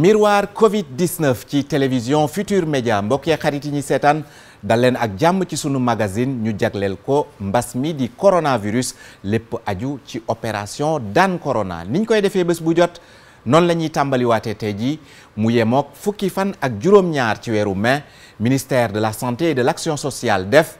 miroir Covid 19 ci télévision Futur Média mbokk yi xarit yi ñuy seetaan dal leen ak jàmm ci sunu magazine ñu jagleel ko mbas mi di coronavirus lépp aju ci opération daan corona niñ koy defee bés bu jot noonu la ñuy tàmbaliwaatee tey jii mu yemook fukki fan ak juróom-ñaar ci weeru mai ministère de la santé et de laction sociale def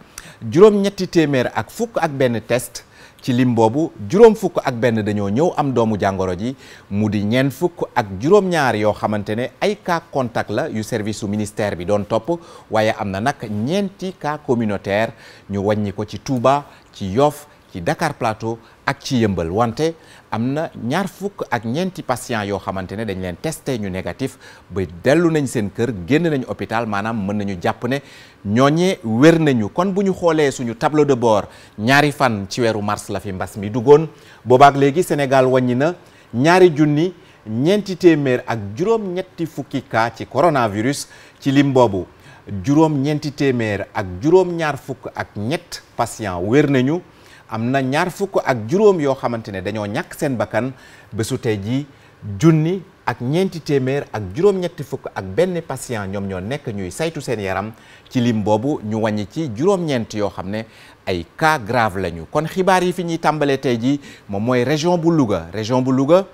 juróom-ñetti téeméer ak fukk ak benn test. ci lim boobu juróom fukk ak benn dañoo ñëw am doomu jàngoro ji mu di ñeent fukk ak juróom-ñaar yoo xamante ne ay cas contact la yu service su ministère bi doon topp waaye am na nag ñeenti cas communautaire ñu wàññi ko ci Touba ci yoof ci Dakar Plateau ak ci yëmbal wante am na ñaar fukk ak ñeenti patients yoo xamante ne dañ leen testé ñu négatif ba dellu nañ seen kër génn nañu hôpital maanaam mën nañu jàpp ne ñooñee wér nañu kon bu ñu xoolee suñu tableau de bord ñaari fan ci weeru mars la fi mbas mi duggoon boobaak léegi Sénégal wàññi na ñaari junni ñeenti téeméer ak juróom ñetti fukki cas ci coronavirus ci limboobu boobu juróom ñeenti téeméer ak juróom ñaar fukk ak ñett patients wér nañu am na ñaar fukk ak juróom yoo xamante ne dañoo ñàkk seen bakkan bésu tey ji junni ak ñeenti téeméer ak juróom-ñetti fukk ak benn patient ñoom ñoo nekk ñuy saytu seen yaram ci lim boobu ñu wàññi ci juróom-ñeent yoo xam ne ay cas grave lañu kon xibaar yi fi ñuy tàmbalee tey ji moom mooy région bu Louga région bu Louga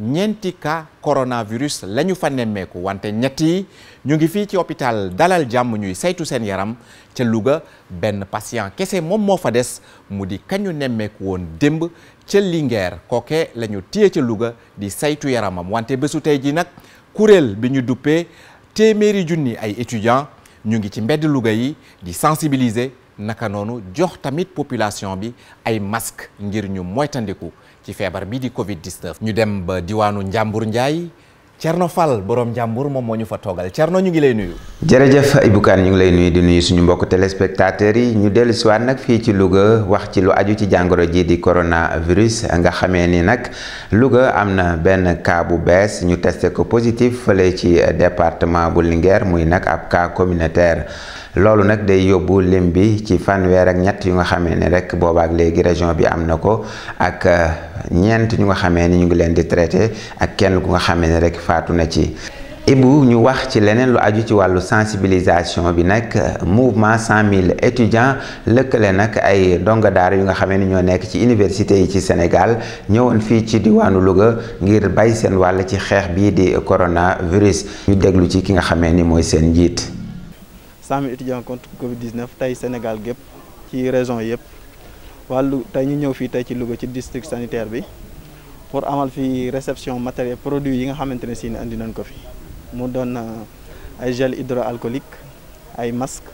ñeenti cas coronavirus la ñu fa nemmeeku wante ñetti ñu ngi fii ci hopital dalal jàmm ñuy saytu seen yaram ca Louga benn patient kese moom moo fa des mu di kañu nemmeeku woon démb ca Linguère kooke la ñu téye ca Louga di saytu yaramam wante bésu tey ji nag kuréel bi ñu duppee téeméeri junni ay étudiants ñu ngi ci mbedd Louga yi di sensibiliser naka noonu jox tamit population bi ay masque ngir ñu moytandiku ci feebar bi di Covid 19. ñu dem ba diwaanu Njàmbur Njaay Cerno Fall borom Njàmbur moom moo ñu fa toogal Cerno ñu ngi lay nuyu. jërëjëf Ibou Kane ñu ngi lay nuyu di nuyu suñu mbokk téléspectateurs yi ñu dellu si nag fii ci Louga wax ci lu aju ci jàngoro ji di coronavirus nga xamee ni nag Louga am na benn kaa bu bees ñu testé ko positif fële ci département bu Linguère muy nag ab cas communautaire. loolu nag day yóbbu lim bi ci fanweer ak ñett yu nga xamee ni rek boobaak léegi région bi am na ko ak. ñeent ñu nga xamee ni ñu ngi leen di traité ak kenn ku nga xame ni rek faatu na ci Ibu ñu wax ci leneen lu aju ci wàllu sensibilisation bi nag mouvement cent mille étudiants lëkkale nag ay donga daara yu nga xamee ni ñoo nekk ci université yi ci Sénégal ñëwoon fii ci diwaanu Louga ngir bay seen wàll ci xeex bii di coronavirus ñu déglu ci ki nga xamee ni mooy seen njiit. cent mille étudiants contre Covid 19 tey Sénégal gépp ci région yëpp. wàllu tey ñu ñëw fii tey ci Louga ci district sanitaire bi pour amal fi réception matériel produit yi nga xamante ne si andi nañ ko fi mu doon euh, ay gel hydroalcoolique ay masque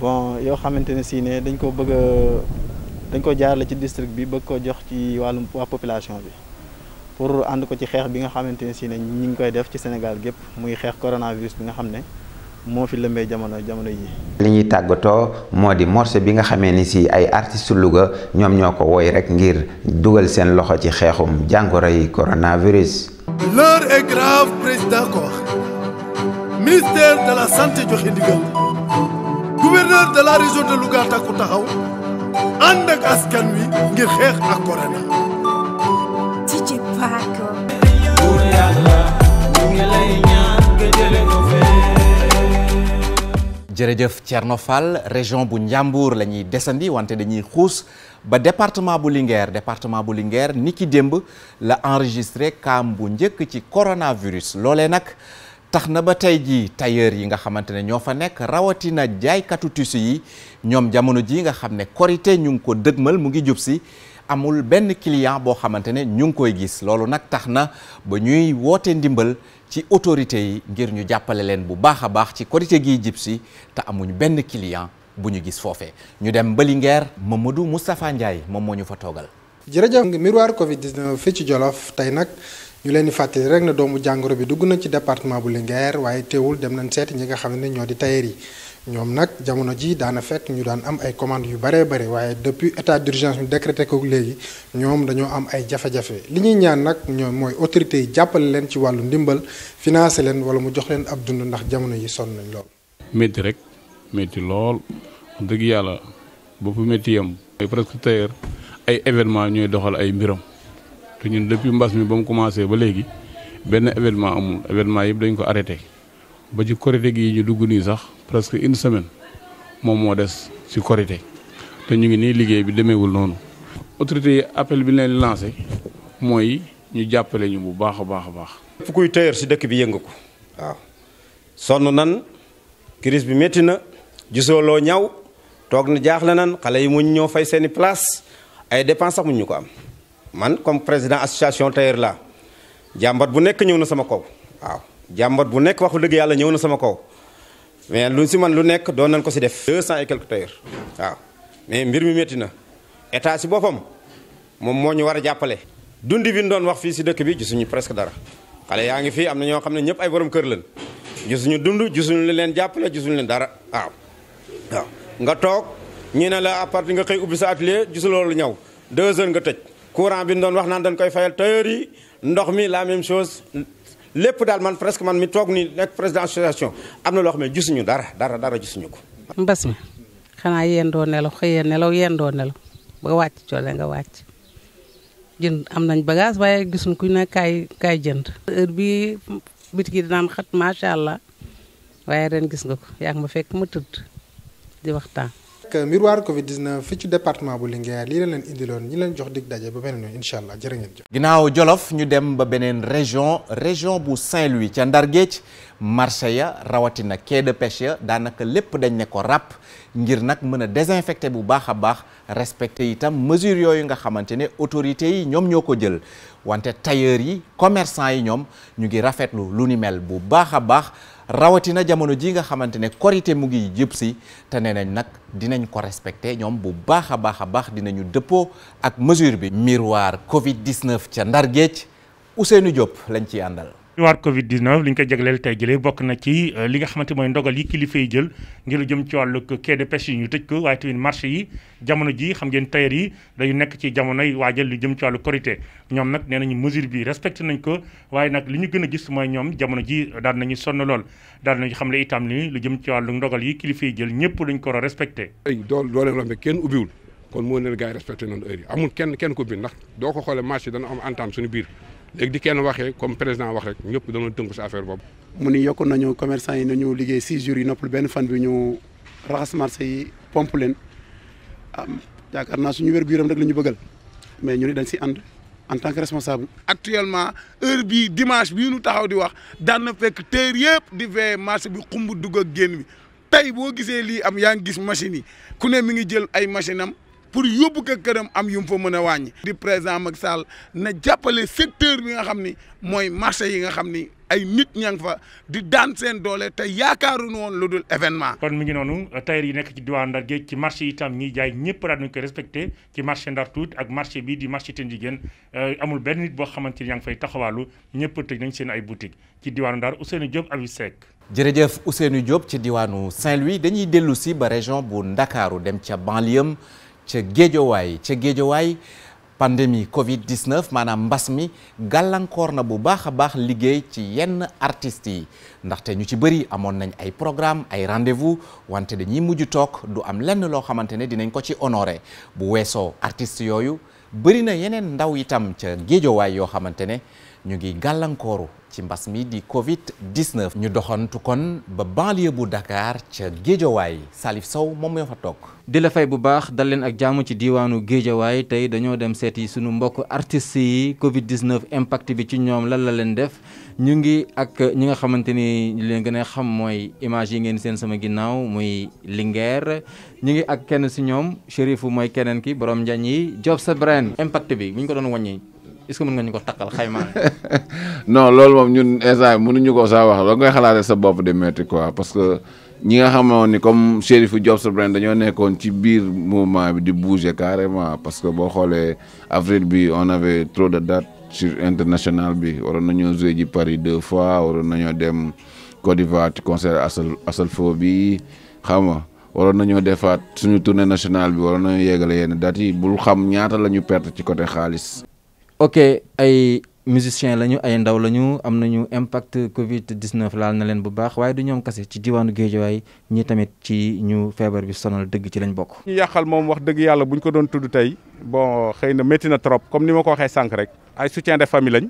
bon yoo xamante ne si ne dañ ko bëgg a dañ ko jaarale ci district bi bëgg ko jox ci wàllum waa population bi pour ànd ko ci xeex bi nga xamante ne si ne ñi ngi koy def ci Sénégal gépp muy xeex coronavirus bi nga xam ne moo fi lëmbee jamono jamono li ñuy tàggatoo moo di morse bi nga xamee ni si ay artistes Louga ñoom ñoo ko woy rek ngir dugal seen loxo ci xeexum jàngoro yi coronavirus. L'heure est grave président ko wax ministère de la santé joxe ndigal gouverneur de la région de Louga takku taxaw ànd ak askan wi ngir xeex ak corona. jërëjëf Thierno Fall région bu Njàmbur la ñuy desandi wante dañuy xuus ba département bu Linguère département bu Linguère ni ki démb la enregistré kaam bu njëkk ci coronavirus loole nag tax na ba tey jii tailleur yi nga xamante ne ñoo fa nekk rawatina jaaykatu tissu yi ñoom jamono ji nga xam ne korité ñu ngi ko dëgmal mu ngi jub si amul benn client boo xamante ne ñu ngi koy gis loolu nag tax na ba ñuy woote ndimbal ci autorité yi ngir ñu jàppale leen bu baax a baax ci korité gii jib si te amuñ benn client bu ñu gis foofee ñu dem ba Linguère Mamadou Moustapha Ndiaye moom moo ñu fa toogal. jërëjëf miroir Covid 19 fii ci Jolof tey nag ñu leen di fàttali rek na doomu jàngoro bi dugg na ci département bu Linguère waaye teewul dem nañ seeti ñi nga xam ne ñoo di tailleur yi. ñoom nag jamono ji daana fekk ñu daan am ay commandes yu baree bare waaye depuis état d'urgence ñu décrété ko léegi ñoom dañoo am ay jafe-jafe li ñuy ñaan nag ñoom mooy autorités yi jàppale leen ci wàllu ndimbal financé leen wala mu jox leen ab dund ndax jamono yi sonn nañ lool. métti rek métti lool dëgg yàlla boppu métti yam ay presque tailleur ay événement ñooy doxal ay mbiram te ñun depuis mbas mi ba mu commencé ba léegi benn événement amul événement yëpp dañ ko arrêté. ba ci korite gi ñu dugg nii sax presque une semaine moom moo des ci korite te ñu ngi nii liggéey bi demeewul noonu autorité yi appel bi leen lancé mooy ñu jàppale ñu bu baax a baax a baax. fu kuy tëyër ci dëkk bi yëngu ko waaw sonn nan crise bi métti na gisoo loo ñaw toog na jaaxle nan xale yi muñ ñoo fay seeni place ay dépenses sax mu ñu ko am man comme président association tëyër laa jàmbat bu nekk ñëw na sama kow waaw. jàmbat bu nekk waxu dëgg yàlla ñëw na sama kaw mais lu si man lu nekk doon nañ ko si def. deux cent et waaw mais mbir mi métti na état si boppam moom moo ñu war a jàppale. dundi bi ñu doon wax fii si dëkk bi gisuñu presque dara xale yaa ngi fii am na ñoo xam ne ñëpp ay borom kër lañ gisuñu dund gisuñu leen jàppale gisuñu leen dara waaw nga toog ñu ne la à partir nga xëy ubbi sa atelier gisu loolu ñaw deux nga tëj courant bi ñu doon wax naan dañ koy fayal tailleur yi la même chose lépp daal man presque man mi toog ni nekk président association am na loo xam ne gisuñu dara dara dara gisuñu ko. mbas mi xanaa yendoo nelaw xëyee nelaw yendoo nelaw ba wàcc coole nga wàcc jënd am nañ bagage waaye gisuñ ku ne kaay kaay jënd. heure bii bitiki dina xat macha allah waaye ren gis nga ko yaa ngi ma fekk ma tëdd di waxtaan. miroir Covid 19 fi ci département bu Linguère lii la leen indiloon ñi leen jox dig daje ba beneen yoon incha allah jërë ngeen jëf. ginnaaw Jolof ñu dem ba beneen région région bu Saint-Louis ca Ndar Géej marché ya rawatina quai de ya daanaka lépp dañ ne ko ràpp ngir nag mën a désinfecté bu baax a baax respecté itam mesures yooyu nga xamante ne autorités yi ñoom ñoo ko jël wante tailleur yi commerçant yi ñoom ñu ngi rafetlu lu ni mel bu baax a baax. rawatina jamono ji nga xamante ne korité mu ngi jub si te nee nañ nag dinañ ko respecté ñoom bu baax a baax a baax dinañu dëppoo ak mesure bi miroir covid 19 ca Ndar Géej Ousseynou Diop lañ ci àndal ñuwaat Covid 19 li ñu koy jagleel tey jëlee bokk na ci euh, li nga xamante mooy ndogal yi kilifa jël ngir lu jëm ci wàllu quai yi ñu tëj ko waaye tamit marché yi jamono ji xam ngeen tailleur yi dañu nekk ci jamono yi waajal lu jëm ci wàllu korité ñoom nag nee nañu mesure bi respecté nañ ko waaye nag li ñu gën a gis mooy ñoom jamono ji daan nañu sonn lool daan nañu xam ne itam ni lu jëm ci wàllu ndogal yi kilifa yi jël ñëpp dañ ko war a respecté dool doo leen rombe kenn ubbiwul kon moo ne leen gars yi respecté noonu kenn kenn ko bi ndax doo ko xoolee marché dana am entente suñu biir léegi di kenn waxee comme président wax rek ñëpp dañoo tënku si affaire boobu. mu ni yokk nañu commerçant yi nañu liggéey six jours yi noppal benn fan bi ñu raxas marché yi pomp leen yaakaar naa suñu wér gu yaram rek la ñu bëggal mais ñu ne dañ si ànd en tant que responsable. actuellement heure bii dimanche bii ñu taxaw di wax daan na fekk teer yëpp di veillé marché bi xumb dugg a génn bi tey boo gisee lii am yaa ngi gis machine yi ku ne mi ngi jël ay machine am. pour yóbbu ko këram am yu mu fa mën a wàññi. di présent mag Sall na jàppale secteur bi nga xam ni mooy marché yi nga xam ni ay nit ña nga fa di daan seen doole te yaakaaruñu woon lu dul événement. kon mu ngi noonu tailleur yi nekk ci diwaan Ndar Géej ci marché yi tam ñiy jaay ñëpp daal ñu koy respecté ci marché Ndar Tuut ak marché bii di marché Tendjiguène euh, amul benn nit boo xamante ni yaa ngi fay taxawaalu ñëpp tëj nañ seen ay boutiques ci diwaanu Ndar Ousseynou Diop Habib Seck. jërëjëf Ousseynou Diop ci diwaanu Saint-Louis dañuy dellu si ba région bu Ndakaaru dem ca banlieue ca géejowaay ca géejowaay pandémie covid 19 maanaam mbas mi gàllankoor na bu baax a baax liggéey ci yenn artistes yi ndaxte ñu ci bëri amoon nañ ay programme ay rendez-vous wante dañuy mujj toog du am lenn loo xamante ne dinañ ko ci honoré bu weesoo artistes yooyu bëri na yeneen ndaw itam ca géejowaay yoo xamante ne ñu ngi gàllankooru ci mbas mi di Covid 19. ñu doxantu kon ba banlieue bu Dakar ca Géejawaay Salif Sow moom moo fa toog. di la fay bu baax dal leen ak jaamu ci diwaanu Géejawaay tey dañoo dem seeti sunu mbokk artistes yi Covid 19 impact bi ci ñoom lan la leen def ñu ngi ak ñi nga xamante ni leen gën a xam mooy image yi ngeen seen sama ginnaaw muy Linguère ñu ngi ak kenn si ñoom Chérif mooy keneen ki borom njañ yi Job sa brain impact bi bu ñu ko doon wàññi. est mun que mën nga ñu ko takkal xayma non loolu moom ñun instant mënuñu ko saa wax loo ngay xalaatee sa bopp di métti quoi parce que ñi nga xamoon ni comme Chérifou Diop sa brain dañoo nekkoon ci biir mouvement bi di bouger carrément parce que boo xoolee avril bi on avait trop de dates su international bi waroon nañoo joué ji Paris deux fois waroon nañoo dem Côte d'Ivoire ci concert asal asalfo bi xam nga waroon nañoo defaat suñu tournée national bi waroon nañoo yeggale yenn dates yi bul xam ñaata la ñu perte ci côté xaalis. ok ay musiciens lañu ay ndaw lañu am nañu impact Covid 19 laal na leen bu baax waaye du ñoom kase ci diwaanu Géejawaay ñi tamit ci ñu feebar bi sonal dëgg ci lañ bokk. ñu yàqal moom wax dëgg yàlla bu ñu ko doon tudd tey boo xëy na métti na trop comme ni ma ko waxee sànq rek ay soutien de famille lañ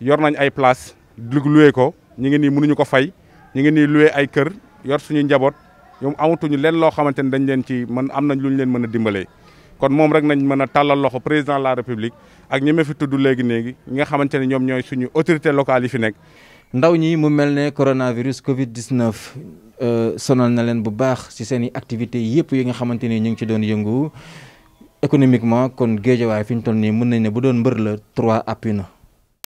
yor nañ ay place lu loué ko ñu ngi nii mënuñu ko fay ñu ngi nii loué ay kër yor suñu njaboot ñoom amatuñu leen loo xamante ne dañ leen ci mën am nañ lu leen mën a dimbalee. kon moom rek nañ mën a tàllal loxo président la république ak ñi ma fi tudd léegi léegi ñi nga xamante ne ñoom ñooy suñu autorité locale yi fi nekk. ndaw ñi mu mel ne coronavirus Covid 19 euh, sonal na leen bu baax ci seen i activités yëpp yi nga xamante ni ñu ngi ci doon yëngu économiquement kon géejawaay fi ñu toll nii mën nañ ne bu doon mbër la trois appui na.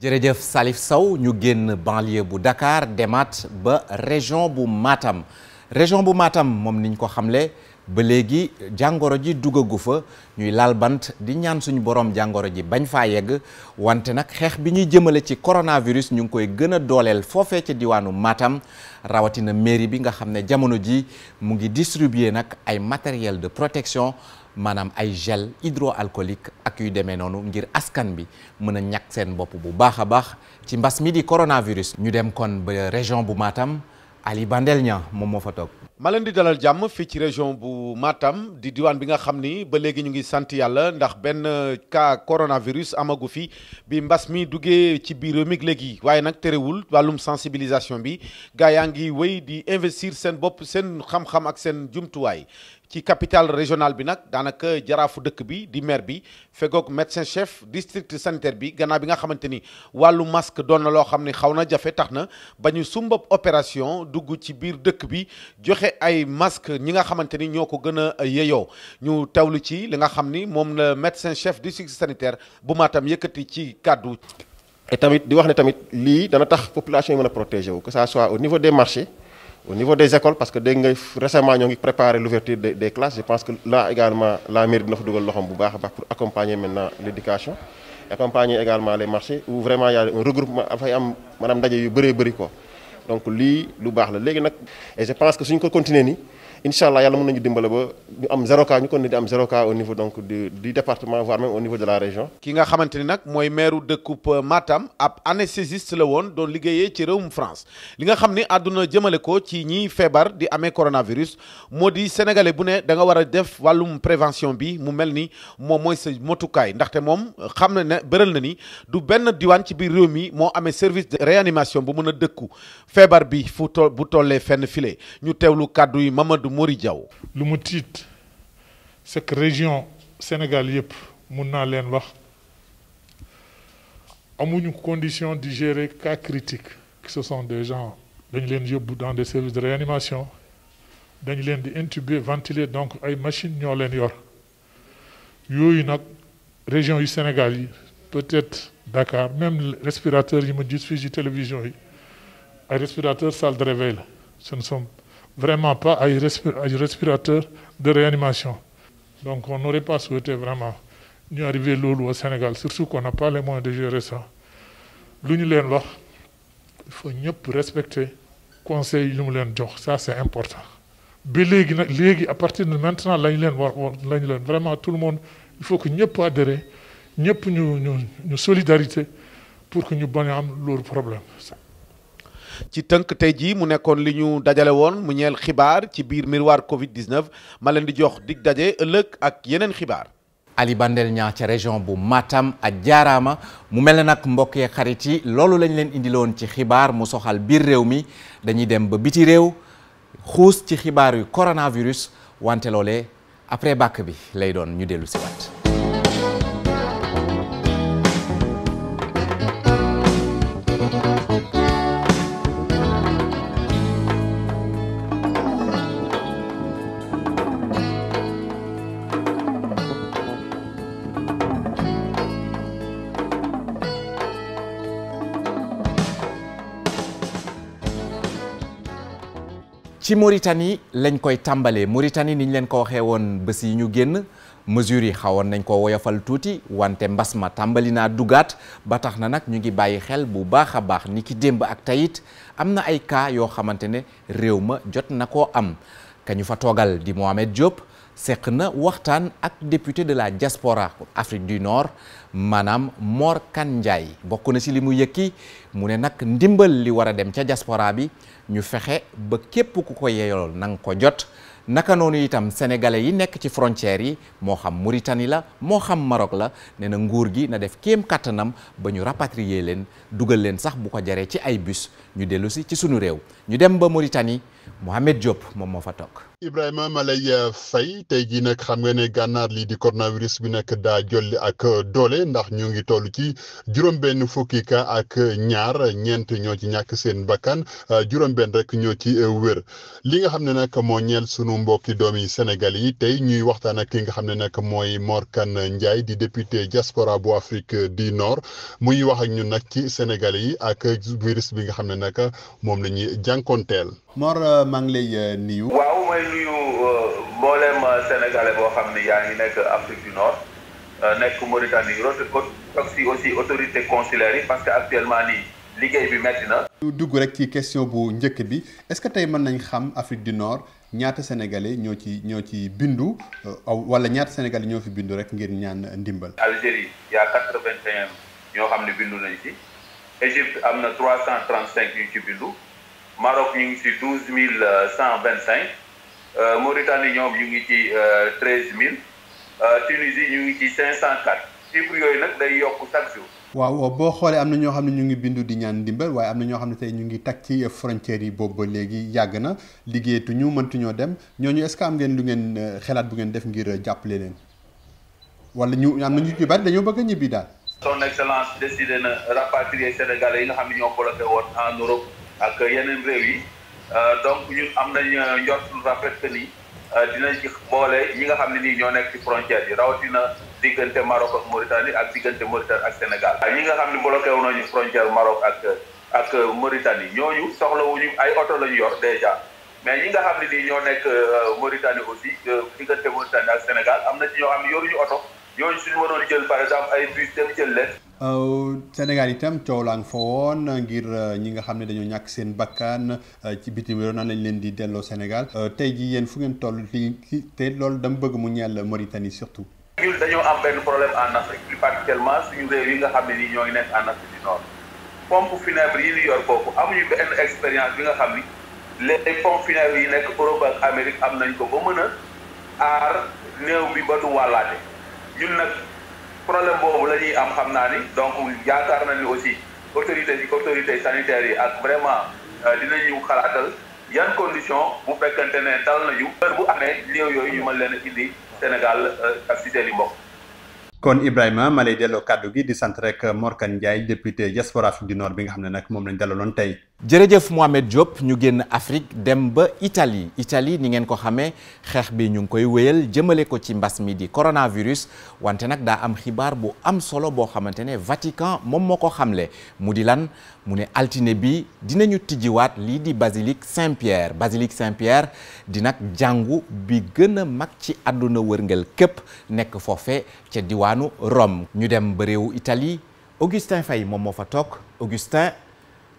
jërëjëf Salif saw ñu génn banlieue bu dakaar demaat ba région bu maatam région bu maatam moom niñ ko xamle. ba léegi jàngoro ji dugagu fa ñuy laal bant di ñaan suñu borom jàngoro ji bañ faa yegg wante nag xeex bi ñuy jëmale ci coronavirus ñu ngi koy gën a dooleel foofee ci diwaanu maatam rawatina mairie bi nga xam ne jamono ji mu ngi distribuer nag ay matériel de protection maanaam ay gel hydroalcoolique ak yu demee noonu ngir askan bi mën a ñàkk seen bopp bu baax a baax ci mbas mi di coronavirus. ñu dem kon ba région bu maatam Ali Bandel moom moo fa toog. ma leen di dalal jàmm fii ci région bu Matam di diwaan bi nga xam ni ba léegi ñu ngi sant yàlla ndax benn cas coronavirus amagu fi bi mbas mi duggee ci biir mi léegi waaye nag terewul wàllum sensibilisation bi gaa yaa ngi wéy di investir seen bopp seen xam-xam ak seen jumtuwaay ci capitale régionale bi nag daanaka jaraafu dëkk bi di maire bi fegoog médecin chef district sanitaire bi gannaaw bi nga xamante ni wàllu masque doon na loo xam ni xaw na jafe tax na ba ñu sumbab opération dugg ci biir dëkk bi joxe ay masque ñi nga xamante ni ñoo ko gën a yeyoo ñu tawlu ci li nga xam ni moom la médecin chef district sanitaire bu Matam yëkkati ci kàddu. tamit di wax ne tamit lii dana tax population yi mën a protéger que ça soit au niveau des marchés. au niveau des écoles parce que dégg nga récemment ñoo ngi préparé l'ouverture des des classes je pense que là également la mairie dina fa dugal loxoom bu baax a baax pour accompagner maintenant l'éducation accompagner également les marchés où vraiment y a un regroupement dafay am maanaam ndaje yu bëree bëri ko donc lii lu baax la léegi nag je pense que suñ ko continuer nii incha allah yàlla mën nañu dimbale ba ñu am zéro cas ñu kon ne di am zéro cas au niveau donc du du département voire même au niveau de la région. ki nga xamante ni nag mooy maire dëkkub Matam ab anesthésiste la woon doon liggéeyee ci réewum France li nga xam ni àdduna jëmale ko ci ñiy feebar di amee coronavirus moo di sénégalais bu ne da nga war a def wàllum prévention bi mu mel ni moom mooy sa motukaay ndaxte moom xam na ne bëral na ni du benn diwaan ci biir réew mi moo amee service réanimation bu mën a dëkku feebar bi fu toll fenn file Mori Diaw. lu mu tiit c'est que région Sénégal yëpp mun naa leen wax amuñu condition de gérer cas critiques ce sont des gens dañu leen yobbu dans des services de réanimation dañu leen di intuber ventiler donc ay machines ñoo leen yor yooyu nag région yu Sénégal yi peut-être Dakar même respirateur yi ma gis fii ci télévision yi ay respirateur salle de réveil la ce ne vraiment pas ay respirateurs de réanimation donc on n'aurait pas souhaité vraiment ñu arriver loolu au Sénégal surtout qu'on n'a pas les moyens de gérer ça lu ñu leen wax il faut ñëpp respecter conseil yi mu leen jox ça c'est important ba léegi nag léegi à partir de maintenant la ñu leen war la leen vraiment tout le monde il faut que ñëpp adhérer ñëpp ñu ñu ñu solidarité pour que ñu bañ am loolu problème ci tënk tey jii mu nekkoon li ñu dajale woon mu ñeel xibaar ci biir miroir Covid 19 ma leen di jox dig daje ëllëg ak yeneen xibaar. Ali Bandel ñaa ca région bu Matam a jaaraama mu mel ne nag mbokk yi xarit yi loolu lañ leen indiloon ci xibaar mu soxal biir réew mi dañuy dem ba biti réew xuus ci xibaar yu coronavirus wante loole après bakk bi lay doon ñu dellu si waat ci Mauritanie lañ koy tàmbalee Mauritanie niñ leen ko waxee woon bés ñu génn mesures yi xawoon nañ ko woyofal tuuti wante mbas ma tàmbali naa dugaat ba tax na nag ñu ngi bàyyi xel bu baax a baax ni ki démb ak tayit am na ay cas yoo xamante ne réew ma jot na ko am ka ñu fa toogal di Mohamed Diop seq na waxtaan ak député de la diaspora Afrique du Nord maanaam Mor Kane Ndiaye bokk na si li mu yëkki mu ne nag ndimbal li war a dem ca diaspora bi ñu fexe ba képp ku ko yeyool na ko jot naka noonu itam sénégalais yi nekk ci frontières yi moo xam Mauritanie la moo xam Maroc la nee na nguur gi na def kéem kattanam ba ñu rapatrier leen dugal leen sax bu ko jaree ci ay bus ñu dellu si ci sunu réew ñu dem ba Mauritanie Mohamed Diop moom moo fa toog. Ibrahima Malay Faye tey jii nag xam nga ne gànnaar lii di coronavirus bi nag daa jolli ak doole ndax ñu ngi toll ci juróom-benn fukki cas ak ñaar ñeent ñoo ci ñàkk seen bakkan juróom-benn rek ñoo ci wér li nga xam ne nag moo sunu mbokki doomi Sénégal yi tey ñuy waxtaan ak ki nga xam ne nag mooy Mor Kane Ndiaye di député diaspora bu Afrique du Nord muy wax ak ñun nag ci Sénégal yi ak virus bi nga xam ne nag moom la ñuy jànkoonteel. Mor euh, maa ngi lay euh, nuyu. waaw may nuyu euh, mboolem sénégalais boo xam ne yaa ngi nekk Afrique du Nord nekk Mauritanie rote aussi aussi autorité consulaire yi parce que actuellement nii liggéey bi metti na. ñu dugg rek ci question bu njëkk bi est-ce que tey mën nañ xam Afrique du Nord ñaata sénégalais ñoo ci ñoo ci bindu wala ñaata sénégalais ñoo fi bindu rek ngir ñaan ndimbal. Algérie y'a quatre-vingt-un ñoo xam ne bindu nañ ci Égypte am na trois cent trente-cinq yu ci bindu. Maroc ñu ngi ci douze mille euh, cent euh, euh, ñu ngi ci cinq cent quatre chiffres yooyu nag day yokk chaque waaw boo xoolee am na ñoo xam ne ñu ngi bindu di ñaan ndimbal waaye am na ñoo xam ne tey ñu ngi takk ci frontières yi boobu ba léegi yàgg na liggéeyatuñu mëntuñoo dem ñooñu est-ce que am ngeen lu ngeen xelaat bu ngeen def ngir jàppale leen wala ñu am na ñu ci bari dañoo bëgg a ñibbi daal. son excellence décidé na rapatrier sénégalais yi nga xam ne ñoo bloqué woon en ak yeneen réew yi euh, donc ñun am nañ euh, njort lu rafet que ni euh, dinañ ci boole ñi nga xam ne nii ñoo nekk ci frontière yi rawatina diggante Maroc ak Mauritanie ak diggante Mauritanie ak Sénégal. ñi nga xam ne bloqué wu nañu frontière Maroc ak ak Mauritanie ñooñu wuñu ay oto la yor déjà mais ñi nga xam ne nii ñoo nekk Mauritanie aussi diggante Mauritanie ak Sénégal am na ci ñoo am ne ñu oto ñooñu suñu waroon jël par exemple ay bus dem jël leen. Euh, Sénégal itam coow laa fa woon ngir euh, ñi nga xam ne dañoo ñàkk seen bakkan euh, ci bitim réew nan lañ leen di delloo Sénégal tey ji yéen fu ngeen toll fii te loolu dama bëgg mu ñeel Mauritanie surtout. ñun dañoo yi nga xam ne nii ñu benn expérience bi nga xam ni les pompes funèbres yi nekk Europe ak Amérique am nañ ko ba mën aar néew bi ba du wàllaate ñun nag. problème boobu la ñuy am xam naa ni donc yaakaar ni aussi autorité yi autorité sanitaire yi ak vraiment euh, ñu xalaatal yan condition bu fekkante ne dal nañu heure bu amee néew yooyu ñu ma leen a indi Sénégal euh, ak si seen i mbokk kon Ibrahima ma lay delloo kàddu gi di sant rek Mor Kane Ndiaye député diaspora Afrique du Nord bi nga xam ne nag moom lañ dalaloon tey jërëjëf Mohamed Diop ñu génn Afrique dem ba Italie Italie ni ngeen ko xamee xeex bi ñu ngi koy wéyal jëmale ko ci mbas mi di coronavirus wante nag daa am xibaar bu am solo boo xamante ne Vatican moom moo ko xamle mu di lan mu ne altine bi dinañu tijjiwaat lii di basilique Saint-Pierre basilique Saint-Pierre di jàngu bi gën a mag ci àdduna wërngel képp nekk foofe ca diwaanu Rome ñu dem ba réewu Italie Augustin Faye moom moo fa toog Augustin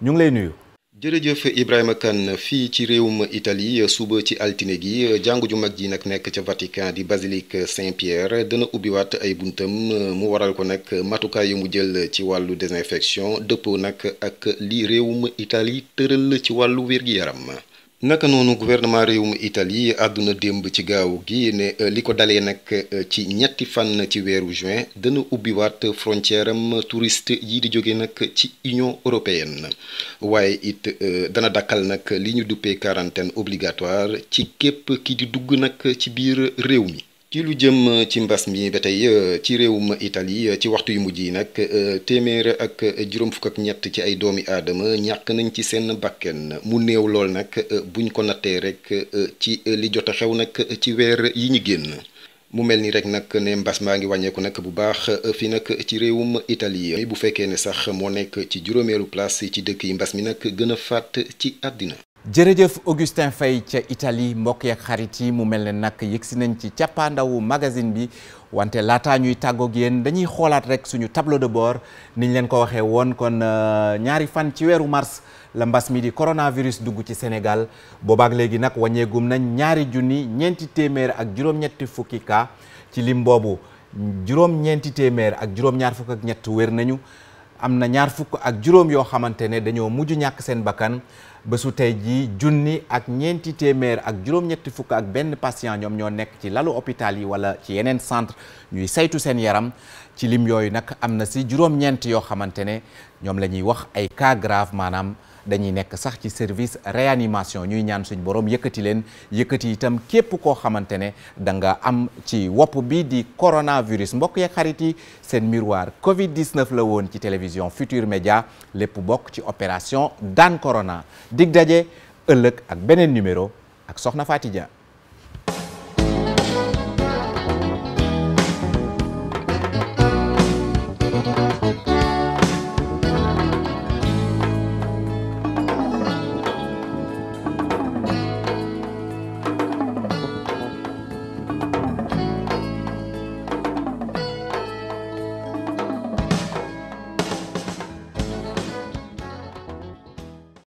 ñu ngi lay nuyu. jërëjëf Ibrahima Kane fii ci réewuma Italie suba ci altine gi jàngu ju mag ji nag nekk ca Vatican di basilique Saint-Pierre dana ubbiwaat ay buntam mu waral ko nag matukaay yu mu jël ci wàllu désinfection dëppoo nag ak li réewum Italie tëral ci wàllu wér-gi-yaram. naka noonu gouvernement réewum Italie àdduna démb ci gaaw gi ne euh, li ko dalee nag euh, ci ñetti fan ci weeru juin dana ubbiwaat frontière am touriste yi di jóge nag ci Union européenne waaye it euh, dana dakkal nag li ñu duppee quarantaine obligatoire ci képp ki di dugg nag ci biir réew mi ci lu jëm euh, ci mbas mi ba tey euh, ci réewum Italie euh, ci waxtu yu mujj yi nag téeméer ak juróom fukk ak ñett ci ay doomi aadama ñàkk nañ ci seen bakken mu néew lool nag buñ ko nattee rek ci li jot a xew nag ci weer yi ñu génn. mu mel nii rek nag ne mbas maa ngi wàññeeku nag bu baax fi nag ci réewum Italie bu fekkee ne sax moo nekk ci juróomeelu place ci dëkk yi mbas mi nag gën a fàtt ci àddina jërëjëf Augustin Faye ca Italie mbokk yak xarit yi mu mel ne nag yëgsi nañ ci cappaandawu magazine bi wante laataa ñuy tàggoog yéen dañuy xoolaat rek suñu tableau de bord niñ leen ko waxee woon kon euh, ñaari fan ci weeru mars la mbas mi di coronavirus dugg ci Sénégal boobaak léegi nag wàññeegum nañ ñaari junni ñeenti téeméer ak juróom-ñetti fukki ka ci lim boobu juróom-ñeenti téeméer ak juróom-ñaar fukk ak ñett wér nañu am na ñaar fukk ak juróom yoo xamante ne dañoo mujj ñàkk seen bakkan bésu tey jii junni ak ñeenti téeméer ak juróom-ñetti fukk ak benn patient ñoom ñoo nekk ci lalu hôpital yi wala ci yeneen centre ñuy saytu seen yaram ci lim yooyu nag am na si juróom-ñeent yoo xamante ne ñoom la ñuy wax ay cas grave maanaam dañuy nekk sax ci service réanimation ñuy ñaan suñ borom yëkkati leen yëkkati itam képp koo xamante ne da nga am ci wopp bi di coronavirus mbokk yeeg xarit yi seen miroir Covid 19 la woon ci télévision Futur Média lépp bokk ci opération dan corona dig daje ëllëg ak beneen numéro ak soxna Faty Dia